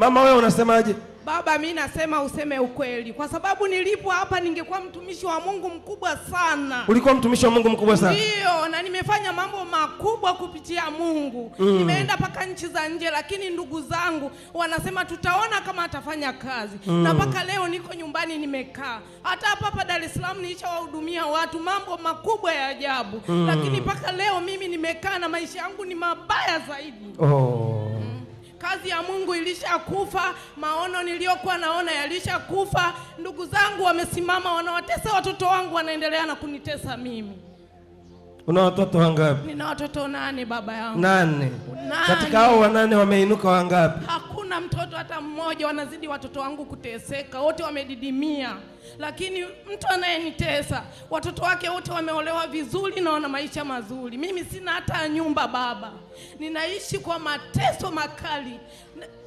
Mama wewe unasemaje? Baba, mi nasema useme ukweli, kwa sababu nilipo hapa ningekuwa mtumishi wa Mungu mkubwa sana. Ulikuwa mtumishi wa Mungu mkubwa sana? ndio na nimefanya mambo makubwa kupitia Mungu mm. Nimeenda mpaka nchi za nje, lakini ndugu zangu wanasema tutaona kama atafanya kazi mm. Na mpaka leo niko nyumbani nimekaa. Hata hapa hapa Dar es Salaam nilishawahudumia watu mambo makubwa ya ajabu mm. Lakini mpaka leo mimi nimekaa na maisha yangu ni mabaya zaidi oh. Kazi ya Mungu ilishakufa, maono niliyokuwa naona yalishakufa. Ndugu zangu wamesimama, wanawatesa watoto wangu, wanaendelea na kunitesa mimi. Una watoto wangapi? Nina watoto nane baba yangu. Nane. Katika hao wanane wameinuka wangapi? Hakuna mtoto hata mmoja, wanazidi watoto wangu kuteseka, wote wamedidimia. Lakini mtu anayenitesa, watoto wake wote wameolewa vizuri na wana maisha mazuri. Mimi sina hata nyumba baba, ninaishi kwa mateso makali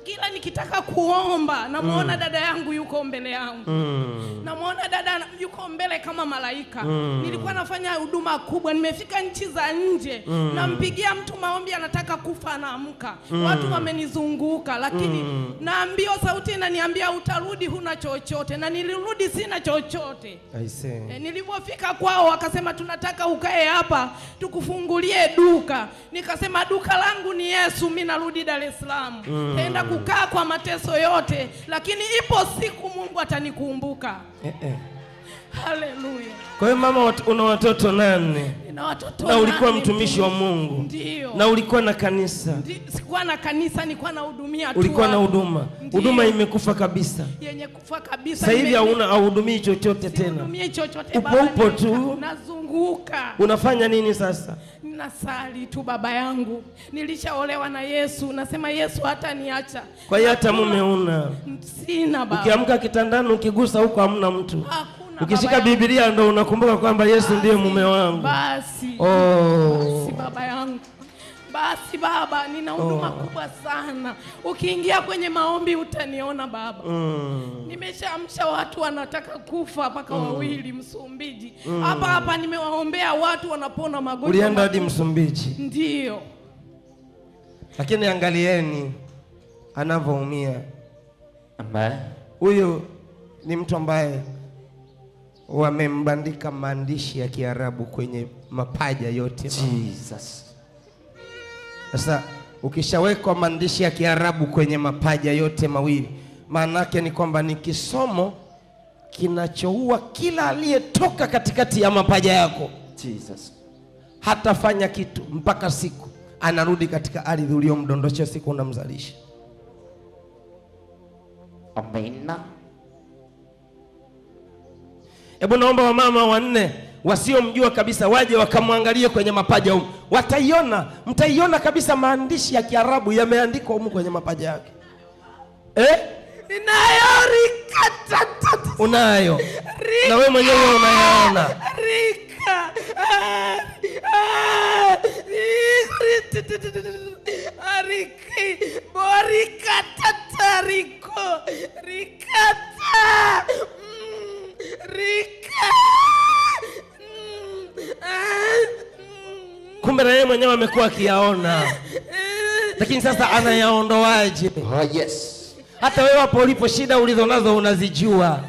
kila nikitaka kuomba namwona mm. dada yangu yuko mbele yangu mm. namwona dada yuko mbele kama malaika mm. nilikuwa nafanya huduma kubwa nimefika nchi za nje mm. nampigia mtu maombi anataka kufa anaamka mm. watu wamenizunguka lakini mm. naambiwa sauti inaniambia utarudi huna chochote na nilirudi sina chochote e, eh, nilivyofika kwao wakasema tunataka ukae hapa tukufungulie duka nikasema duka langu ni yesu mi narudi dar es salaam mm kukaa kwa mateso yote, lakini ipo siku Mungu atanikumbuka. Eh, eh. Haleluya. Kwa hiyo mama, una watoto nane na ulikuwa mtumishi wa Mungu. Ndiyo. na ulikuwa na kanisa. Sikuwa na kanisa, nilikuwa na hudumia tu. Ulikuwa na huduma. Huduma imekufa kabisa, yenye kufa kabisa. Sasa hivi hauna hudumii chochote tena, chochote upo upo tu, nazunguka. Unafanya nini sasa? Nasali tu baba yangu, nilishaolewa na Yesu. Nasema Yesu hata niacha. Kwa hiyo hata mume una? Sina baba. Ukiamka kitandani ukigusa huko hamna mtu. Haku. Ukishika Biblia ndo unakumbuka kwamba Yesu ndiye mume wangu. Basi. Oh. Basi baba yangu. Basi baba, nina oh. huduma oh, kubwa sana. Ukiingia kwenye maombi utaniona baba. Mm. Nimeshaamsha watu wanataka kufa mpaka mm, wawili Msumbiji mm. hapa mm, hapa nimewaombea watu wanapona magonjwa. Ulienda hadi Msumbiji? ndio Lakini angalieni anavyoumia. Ambaye huyu ni mtu ambaye wamembandika maandishi ya Kiarabu kwenye mapaja yote. Jesus. Sasa ukishawekwa maandishi ya Kiarabu kwenye mapaja yote mawili, maana yake ni kwamba ni kisomo kinachoua kila aliyetoka katikati ya mapaja yako. Jesus. Hatafanya kitu mpaka siku anarudi katika ardhi uliyomdondoshia siku unamzalisha. Amina. Hebu naomba wamama wanne wasiomjua kabisa waje wakamwangalie kwenye mapaja huko, wataiona, mtaiona kabisa maandishi ya Kiarabu yameandikwa huko kwenye mapaja yake eh? Unayo Rika. Na wewe mwenyewe unayaona kumbe na yeye mwenyewe amekuwa akiyaona lakini sasa anayaondoaje oh, yes hata wewe hapo ulipo shida ulizo nazo unazijua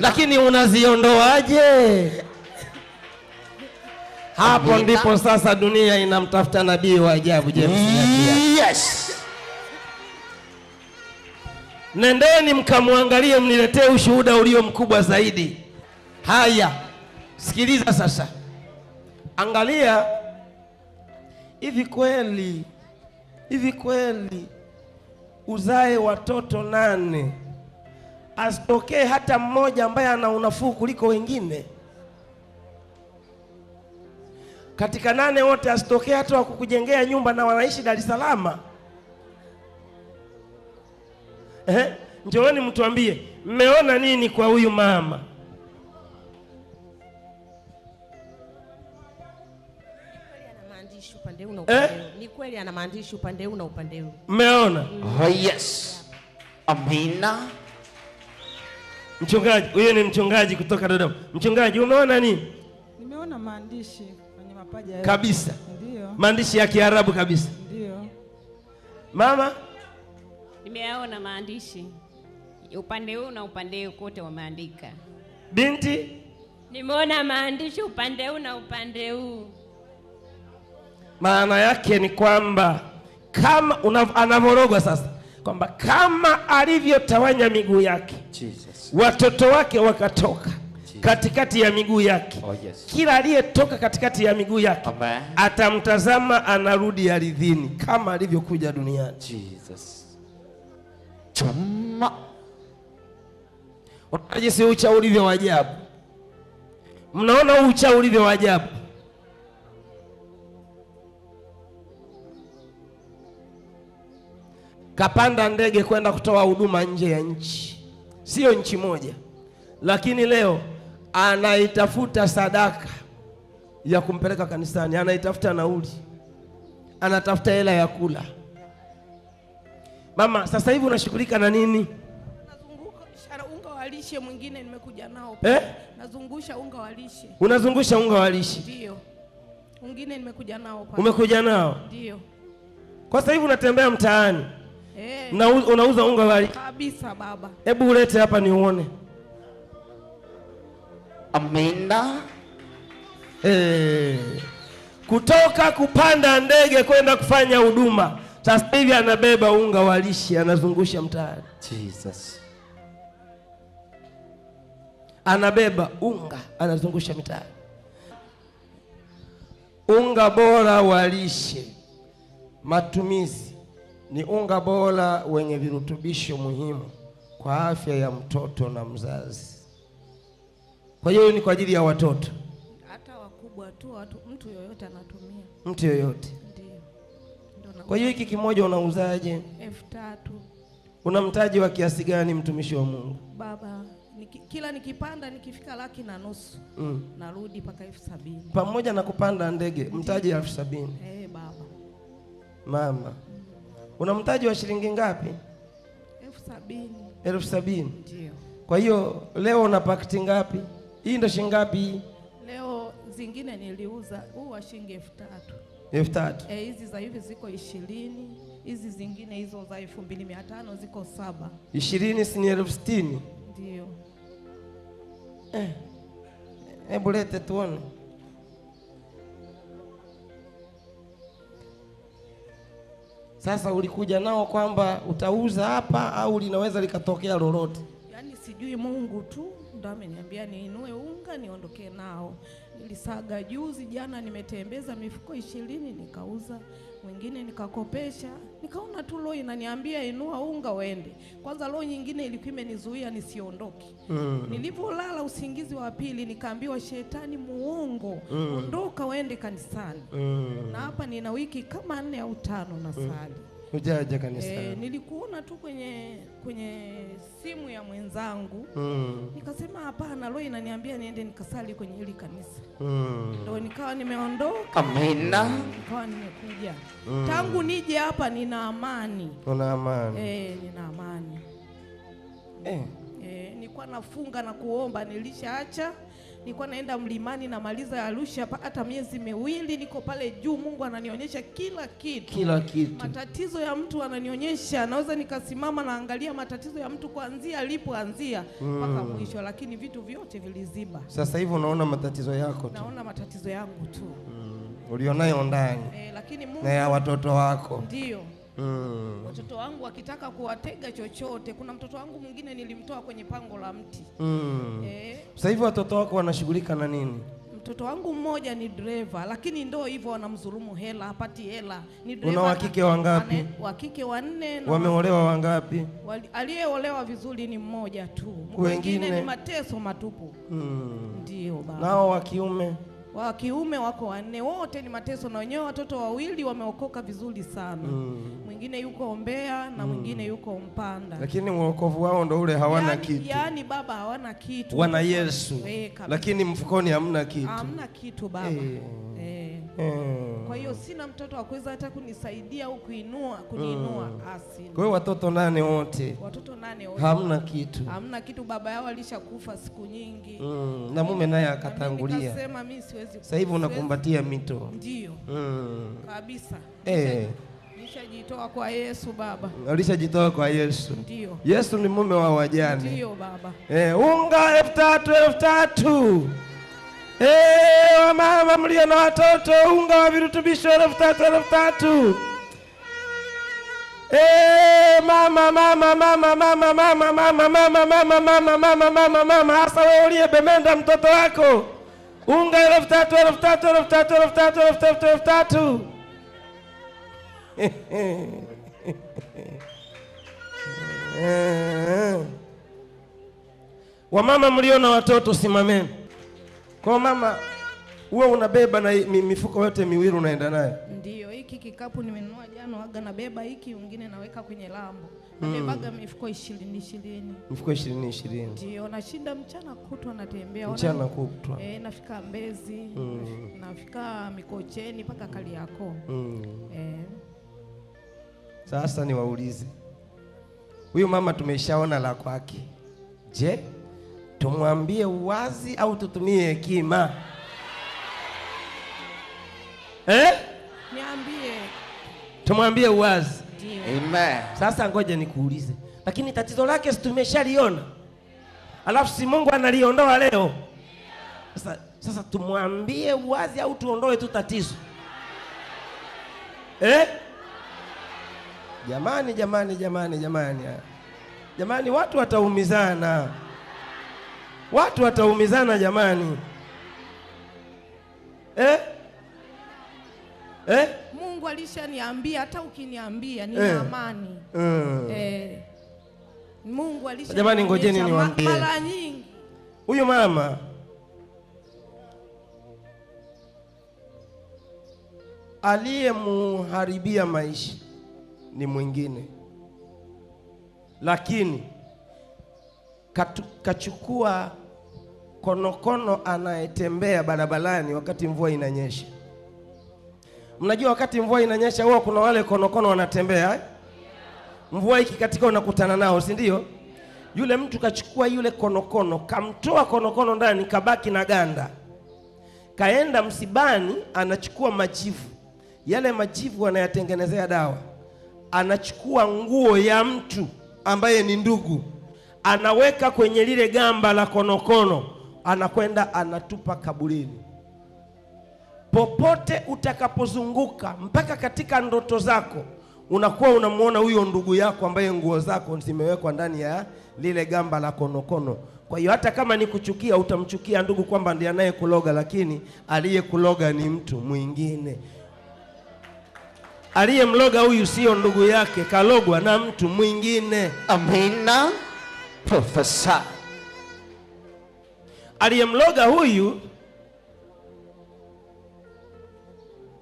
lakini unaziondoaje hapo ndipo sasa dunia inamtafuta nabii wa ajabu James yes nendeni mkamwangalie, mniletee ushuhuda ulio mkubwa zaidi. Haya, sikiliza sasa, angalia hivi kweli, hivi kweli uzae watoto nane asitokee hata mmoja ambaye ana unafuu kuliko wengine katika nane wote, asitokee hata wakukujengea nyumba na wanaishi Dar es Salaam. Eh, njooni mtuambie mmeona nini kwa huyu mama? Eh? Ni kweli ana maandishi upande huu na upande huu. Mmeona? Oh yes. Amina. Mchungaji, huyu ni mchungaji kutoka Dodoma. Mchungaji, umeona nini? Nimeona maandishi kwenye mapaja yake. Kabisa. Ndio. Maandishi ya Kiarabu kabisa. Ndio. Mama? Nimeyaona maandishi upande huu na upande huu kote wameandika. Binti, nimeona maandishi upande huu na upande huu. Maana yake ni kwamba kama anavorogwa sasa, kwamba kama alivyotawanya miguu yake Jesus, watoto wake wakatoka katikati ya miguu yake oh, yes. Kila aliyetoka katikati ya miguu yake Atamtazama anarudi aridhini kama alivyokuja duniani Jesus chuma. Unaona si ucha ulivyo ajabu. Mnaona ucha ulivyo ajabu. Kapanda ndege kwenda kutoa huduma nje ya nchi, sio nchi moja, lakini leo anaitafuta sadaka ya kumpeleka kanisani, anaitafuta nauli, anatafuta hela ya kula. Mama, sasa hivi unashughulika na nini? Unga wa lishe mwingine nimekuja nao. Eh? Nazungusha unga wa lishe. Unazungusha unga wa lishe? Ndio. Mwingine nimekuja nao pale. Umekuja nao? Ndio. Kwa sasa hivi unatembea mtaani. Eh. Unauza unga wa lishe. Kabisa baba. Hebu ulete hapa niuone. Amenda. Eh. Kutoka kupanda ndege kwenda kufanya huduma sasa hivi anabeba unga wa lishe anazungusha mtaani. Jesus. Anabeba unga anazungusha mtaani. Unga bora wa lishe matumizi ni unga bora wenye virutubisho muhimu kwa afya ya mtoto na mzazi. Kwa hiyo ni kwa ajili ya watoto, hata wakubwa tu, mtu yoyote anatumia, mtu yoyote kwa hiyo hiki kimoja unauzaje? elfu tatu. Una mtaji wa kiasi gani, mtumishi wa Mungu? Baba, niki, kila nikipanda nikifika laki na nusu mm. narudi mpaka elfu sabini pamoja na kupanda ndege, mtaji elfu sabini eh, baba. Mama mm. una mtaji wa shilingi ngapi? elfu sabini. elfu sabini ndio. Kwa hiyo leo una pakiti ngapi? hii ndo shilingi ngapi? Leo zingine niliuza huu wa shilingi elfu tatu elfu tatu eh, hizi za hivi ziko ishirini hizi zingine hizo za elfu mbili mia tano ziko saba ishirini si ni elfu sitini ndio eh, hebu eh, lete tuone Sasa ulikuja nao kwamba utauza hapa au linaweza likatokea lolote? Yaani sijui, Mungu tu ndo ameniambia niinue unga niondokee nao nilisaga juzi jana, nimetembeza mifuko ishirini nikauza, mwingine nikakopesha, nikaona tu loo inaniambia inua unga uende. Kwanza loo nyingine ilikuwa imenizuia nisiondoke. mm. Nilipolala usingizi wa pili nikaambiwa, shetani muongo, mm. ondoka uende kanisani. mm. na hapa nina wiki kama nne au tano na sali mm. Hujaja kanisa? E, nilikuona tu kwenye kwenye simu ya mwenzangu mm. Nikasema hapana, roho inaniambia niende nikasali kwenye hili kanisa mm. Ndio nikawa nimeondoka. Amina. Nikawa nimekuja mm. Tangu nije hapa nina amani. Una amani? E, nina amani eh. E, nilikuwa nafunga na kuomba nilishaacha nilikuwa naenda mlimani na maliza ya Arusha hata miezi miwili, niko pale juu, Mungu ananionyesha kila kitu, kila kitu. Matatizo ya mtu ananionyesha, naweza nikasimama naangalia matatizo ya mtu kuanzia alipoanzia mpaka mm. mwisho, lakini vitu vyote viliziba. Sasa hivi unaona matatizo yako tu, naona matatizo yangu tu mm. ulionayo ndani e, lakini Mungu na ya watoto wako ndio mm. Watoto wangu wakitaka kuwatega chochote, kuna mtoto wangu mwingine nilimtoa kwenye pango la mti mm. Eh, sasa hivi watoto wako wanashughulika na nini? Mtoto wangu mmoja ni dreva lakini ndo hivyo wanamdhulumu hela, hapati hela. Ni dereva. Una wakike wangapi? Wakike wanne. Wameolewa wangapi? Aliyeolewa vizuri ni mmoja tu, wengine ni mateso matupu mm. Ndio baba. Nao wa kiume wa kiume wako wanne, wote ni mateso, na wenyewe watoto wawili wameokoka vizuri sana mm. mwingine yuko Mbeya na mm. mwingine mm. yuko Mpanda, lakini wokovu wao ndo ule, hawana yani, kitu yani baba, hawana kitu, wana Yesu e, lakini mfukoni hamna kitu, hamna kitu baba e. E. Hmm. Kwa hiyo sina mtoto wa kuweza hata kunisaidia au kuinua mm. kuniinua hmm. Ah, Asina. Kwa hiyo watoto nane wote, watoto nane wote hamna kitu, hamna kitu, baba yao alishakufa siku nyingi Mm. Na mume naye akatangulia. Nikasema mimi siwezi. Sasa hivi unakumbatia mito? Ndio Mm. Kabisa eh. Nishajitoa kwa Yesu baba. Alishajitoa kwa Yesu. Ndio. Yesu ni mume wa wajane. Ndio baba. Eh, unga elfu tatu elfu tatu wamama mlio na watoto, unga wa virutubisho elfu tatu elfu tatu. mama mama mama mama mama mama mama mama mama mama mama mama, hasa wewe uliyebemenda mtoto wako, unga elfu tatu elfu tatu elfu tatu elfu tatu elfu tatu elfu tatu. Wamama mlio na watoto, simameni. Kwa mama wewe unabeba na mifuko yote miwili unaenda nayo? Ndio, hiki kikapu nimenunua jana, waga nabeba hiki, wengine naweka kwenye lambo. Hmm. Nabebaga mm. mifuko 20 20. Mifuko 20 20. Ndio, nashinda mchana kutwa natembea. Mchana kutwa. Eh, nafika Mbezi, mm. nafika Mikocheni mpaka Kariakoo. Mm. Eh. Sasa niwaulize. Huyu mama tumeshaona la kwake. Je, tumwambie uwazi au tutumie hekima eh? Niambie. Tumwambie uwazi. Amen. Sasa ngoja nikuulize, lakini tatizo lake si tumeshaliona, alafu si Mungu analiondoa leo? Sasa, sasa tumwambie uwazi au tuondoe tu tatizo eh? Jamani, jamani, jamani, jamani, jamani, watu wataumizana. Watu wataumizana jamani, eh? Eh? Mungu alishaniambia hata ukiniambia nina eh, amani mm. eh. Mungu alishaniambia jamani, ngojeni niwaambie mara nyingi huyu mama aliyemuharibia maisha ni mwingine, lakini kachukua konokono anayetembea barabarani wakati mvua inanyesha. Mnajua wakati mvua inanyesha huwa kuna wale konokono wanatembea, eh? mvua ikikatika unakutana nao, si ndio? Yule mtu kachukua yule konokono, kamtoa konokono ndani, kabaki na ganda, kaenda msibani, anachukua majivu yale, majivu anayatengenezea dawa, anachukua nguo ya mtu ambaye ni ndugu anaweka kwenye lile gamba la konokono, anakwenda anatupa kaburini. Popote utakapozunguka, mpaka katika ndoto zako, unakuwa unamwona huyo ndugu yako ambaye nguo zako zimewekwa ndani ya lile gamba la konokono. Kwa hiyo hata kama ni kuchukia, utamchukia ndugu kwamba ndiye anayekuloga, lakini aliyekuloga ni mtu mwingine. Aliyemloga huyu sio ndugu yake, kalogwa na mtu mwingine. Amina profesa. Aliyemloga huyu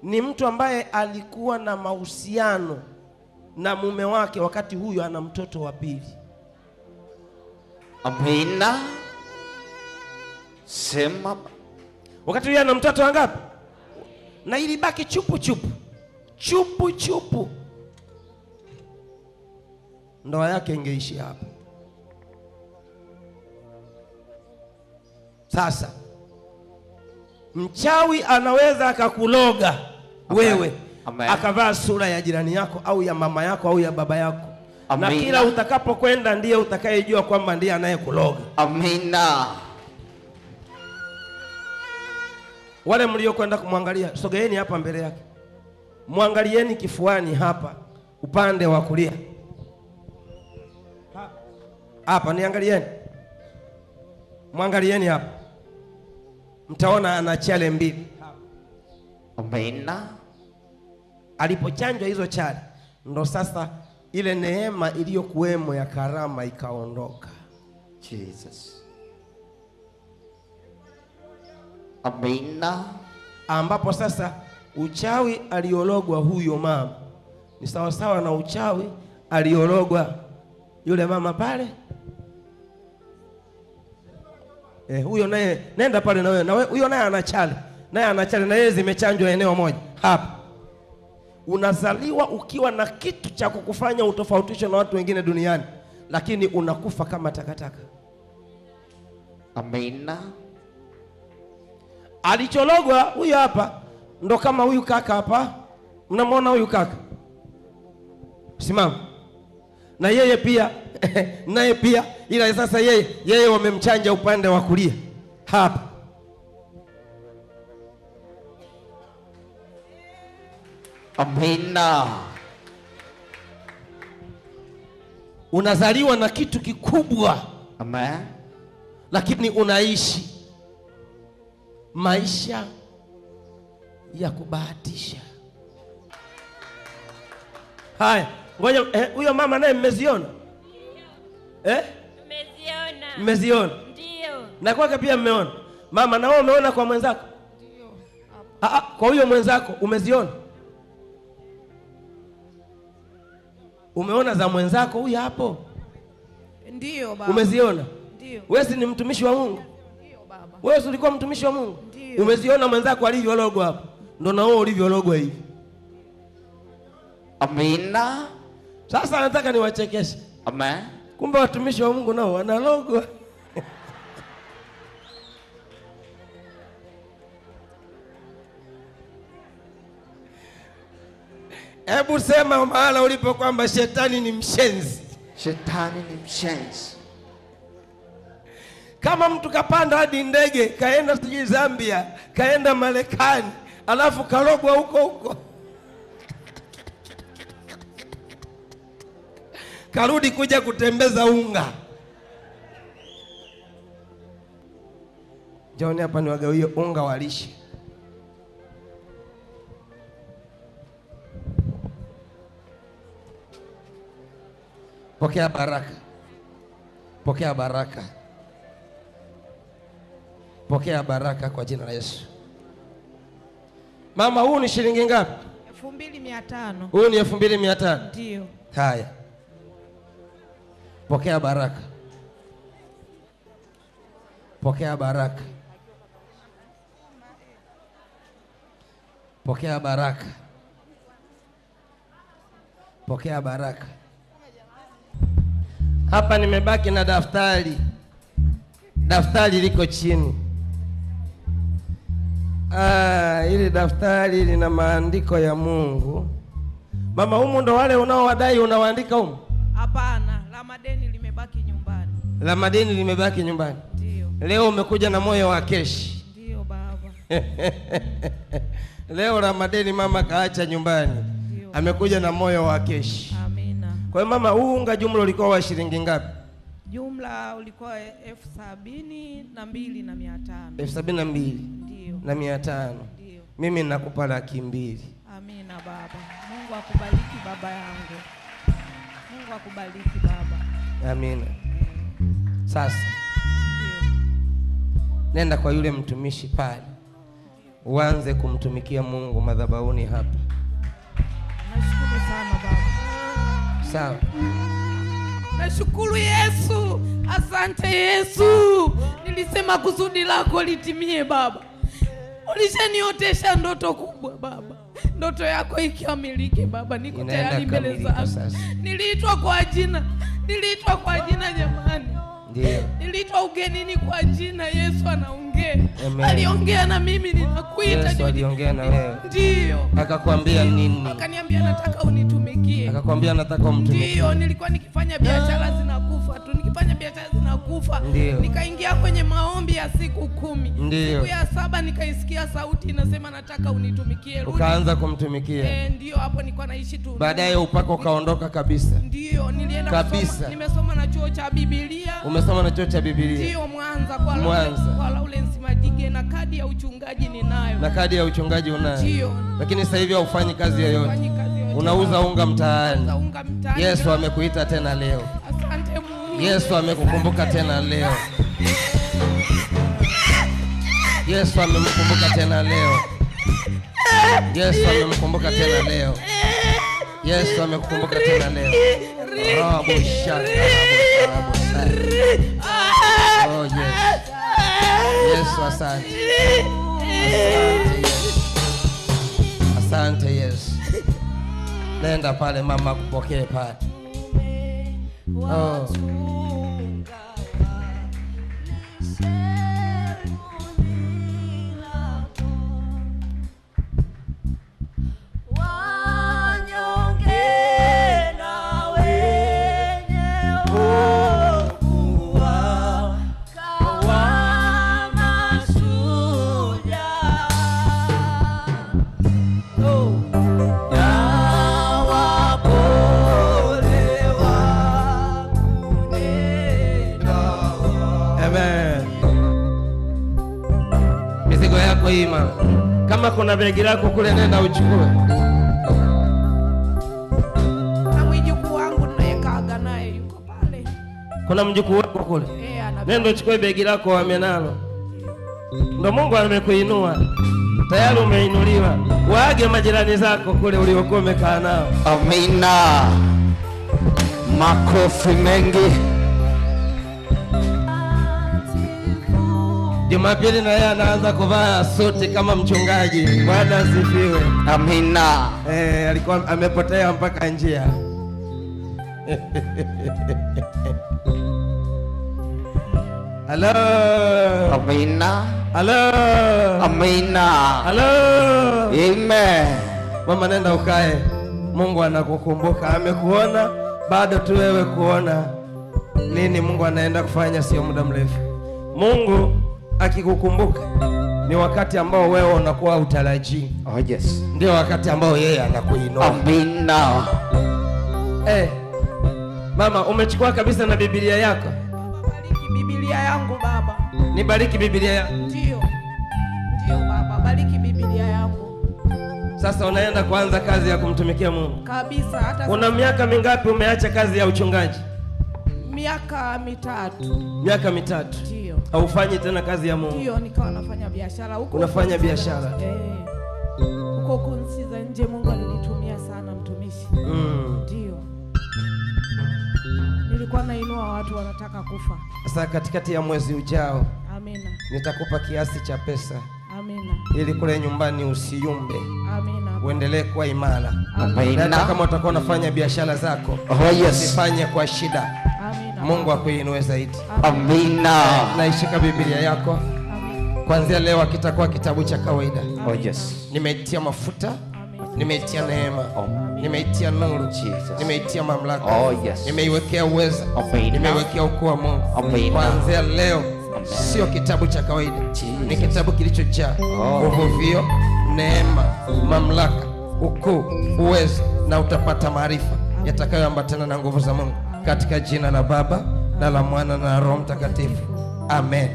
ni mtu ambaye alikuwa na mahusiano na mume wake wakati huyu ana mtoto wa pili. Amina. Sema. Wakati huyu ana mtoto wangapi? Na ilibaki chupu chupu chupu chupu, ndoa yake ingeishi hapo. Sasa mchawi anaweza akakuloga wewe akavaa sura ya jirani yako au ya mama yako au ya baba yako Amina. na kila utakapokwenda ndiye utakayejua kwamba ndiye anayekuloga. Amina. Wale mliokwenda kumwangalia, sogeeni hapa mbele yake, mwangalieni kifuani hapa, upande wa kulia hapa, niangalieni, mwangalieni hapa mtaona ana chale mbili umeenda. Alipochanjwa hizo chale, ndo sasa ile neema iliyokuwemo ya karama ikaondoka. Jesus. Amina. Ambapo sasa uchawi aliologwa huyo mama ni sawasawa na uchawi aliologwa yule mama pale eh, huyo naye nenda pale na wewe, na wewe huyo naye anachale, naye anachale, na yeye zimechanjwa eneo moja hapa. Unazaliwa ukiwa na kitu cha kukufanya utofautishe na watu wengine duniani, lakini unakufa kama takataka. Amina. Alichologwa huyo hapa, ndo kama huyu kaka hapa, mnamwona huyu kaka, simama na yeye pia naye pia, ila sasa yeye yeye wamemchanja upande wa kulia hapa. Amina. Unazaliwa na kitu kikubwa. Amen. Lakini unaishi maisha ya kubahatisha. Haya. Ngoja eh, huyo eh, mama naye mmeziona? Eh? Mmeziona. Mmeziona? Ndio. Na kwake pia mmeona. Mama na wewe umeona kwa mwenzako? Ah, ah, kwa huyo mwenzako umeziona? Umeona za mwenzako huyu hapo? Ndio baba. Umeziona? Ndio. Wewe si ni mtumishi wa Mungu? Ndio baba. Wewe si ulikuwa mtumishi wa Mungu? Ndio. Umeziona mwenzako alivyologwa hapo? Ndio na wewe ulivyologwa hivi. Amina. Sasa nataka niwachekeshe. Amen. Kumbe watumishi wa Mungu nao wanalogwa. Hebu sema mahala ulipo kwamba shetani ni mshenzi. Shetani ni mshenzi. Kama mtu kapanda hadi ndege kaenda sijui Zambia, kaenda Marekani, alafu kalogwa huko huko. karudi kuja kutembeza unga. Njoni hapa niwagawie unga wa Pokea baraka, pokea baraka, pokea baraka kwa jina la Yesu. Mama, huu ni shilingi ngapi? elfu mbili mia tano. Huu ni elfu mbili mia tano. Ndio haya. Pokea baraka, pokea baraka, pokea baraka, pokea baraka. Hapa nimebaki na daftari, daftari liko chini. Ah, ili daftari lina maandiko ya Mungu. Mama, humu ndo wale unaowadai unawaandika humu? Hapana. La madeni limebaki nyumbani. La madeni limebaki nyumbani. Ndio. Leo umekuja na moyo wa keshi. Ndio baba. Leo la madeni mama kaacha nyumbani. Ndio. Amekuja na moyo wa keshi. Amina. Kwa hiyo mama, huu unga jumla ulikuwa wa shilingi ngapi? Jumla ulikuwa elfu sabini na mbili na mia tano. Elfu sabini na mbili na mia tano. Mimi nakupa laki mbili. Amina baba. Mungu akubariki baba yangu. Mungu akubariki baba. Amina. Sasa nenda kwa yule mtumishi pale, uanze kumtumikia Mungu madhabahuni hapa. Nashukuru sana baba. Sawa. Nashukuru Yesu, asante Yesu. Nilisema kusudi lako litimie baba, ulishaniotesha ndoto kubwa baba ndoto yako ikiamilike, Baba, niko tayari mbele zako. Niliitwa kwa jina, niliitwa kwa jina jamani, niliitwa ugenini kwa jina. Yesu anaunga aliongea aliongea na mimi ninakuita. Yesu aliongea na wewe? Ndio. Akakwambia nini? Akaniambia nataka unitumikie. Akakwambia nataka umtumikie? Ndio, nilikuwa nikifanya biashara zinakufa tu, nikifanya biashara zinakufa. Nikaingia kwenye maombi ya siku kumi. Ndio. Siku ya saba nikaisikia sauti inasema nataka unitumikie. rudi. Ukaanza kumtumikia? Eh, ndio, hapo nilikuwa naishi tu. Baadaye upako ukaondoka kabisa? Ndio, nilienda kabisa. Nimesoma na chuo cha Biblia. Umesoma na chuo cha Biblia? Ndio, Mwanza kwa Mwanza. Kwa Laule insurance Madige, na kadi ya uchungaji ninayo. Na kadi ya uchungaji unayo? Ndio. Lakini sasa hivi haufanyi kazi yoyote, unauza unga mtaani. Yesu amekuita tena leo. Asante Mungu. Yesu amekukumbuka tena leo. Yesu amemkumbuka tena leo. Yesu amemkumbuka tena leo. Yesu amekukumbuka tena leo. Rabu shaka. Oh, yes. Yes, asante. Asante Yes. asante Yesu. Nenda pale mama, kupokee pale oh. lako na begi lako kule, nenda uchukue. kuna mjukuu wako kule, eh, nenda uchukue begi lako, wame nalo. Ndo Mungu amekuinua tayari, umeinuliwa. Waage majirani zako kule uliokuwa umekaa nao. Amina, makofi mengi. Jumapili na yeye anaanza kuvaa suti kama mchungaji. Bwana asifiwe. Amina. Eh, alikuwa amepotea mpaka njia. Halo. Amina. Halo. Amina. Halo. Amen. Mama, nenda ukae. Mungu anakukumbuka, amekuona bado tu wewe kuona nini Mungu anaenda kufanya, sio muda mrefu. Mungu akikukumbuka ni wakati ambao wewe unakuwa utarajii. Oh, yes. Ndio wakati ambao yeye anakuinua. Amina. Eh, mama umechukua kabisa na Biblia yako? Bariki Biblia yangu baba. Nibariki Biblia yako. Ndio. Ndio baba, bariki Biblia yangu. Sasa unaenda kuanza kazi ya kumtumikia Mungu. Kabisa hata Una miaka mingapi umeacha kazi ya uchungaji? Miaka mitatu. Miaka mitatu. Ndio haufanyi tena kazi ya Mungu. Hiyo nikawa nafanya biashara huko. Unafanya biashara eh. huko huko nchi za nje. Mungu alinitumia sana mtumishi, mm. ndio mm. nilikuwa nainua watu wanataka kufa. Sasa katikati ya mwezi ujao, amina, nitakupa kiasi cha pesa Amina. Ili kule nyumbani usiyumbe. Amina. Uendelee kuwa imara. Amina. Kama utakuwa unafanya biashara zako, oh, yes. Usifanye kwa shida. Mungu akuinue zaidi. Amina. Naishika Biblia yako kuanzia leo, akitakuwa kitabu cha kawaida. Oh, yes. Nimeitia mafuta nimeitia neema, oh, nimeitia nuru, nimeitia mamlaka, oh, nimeiwekea uweza, nimeiwekea ukuu wa Mungu. Kuanzia leo sio kitabu cha kawaida, ni kitabu kilichojaa oh. uvuvio, neema, mamlaka, ukuu, uweza, na utapata maarifa yatakayoambatana na nguvu za Mungu katika jina la Baba na la Mwana na Roho Mtakatifu, amen.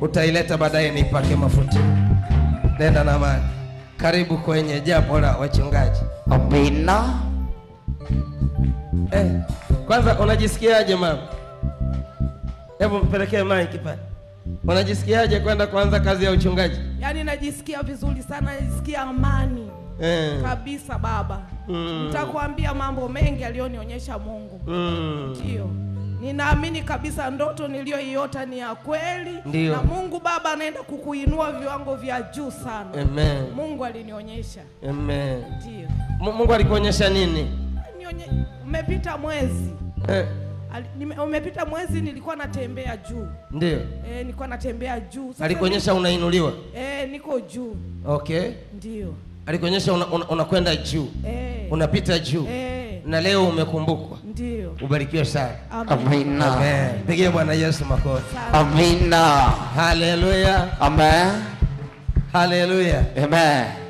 Utaileta baadaye nipake mafuta. Nenda na maji. Karibu kwenye japo la wachungaji. Amina. Eh, kwanza unajisikiaje mama? Hebu mpelekee maiki pale. Unajisikiaje kwenda kuanza kazi ya uchungaji? Yaani najisikia vizuri sana, najisikia amani eh, kabisa baba mm. Nitakwambia mambo mengi aliyonionyesha Mungu mm. ndio mm. Ninaamini kabisa ndoto niliyoiota ni ya kweli Ndiyo. Na Mungu Baba anaenda kukuinua viwango vya juu sana. Amen. Mungu alinionyesha. Amen. Mungu alikuonyesha nini? Nionye... umepita mwezi eh. umepita mwezi nilikuwa natembea juu ndio Eh, nilikuwa natembea juu. Alikuonyesha unainuliwa? Eh, niko juu. Okay. ndio alikuonyesha unakwenda una, una juu hey. Eh. unapita juu hey. Eh. na leo umekumbukwa ndio ubarikiwe sana amina pigie bwana yesu makofi amina haleluya amen haleluya amen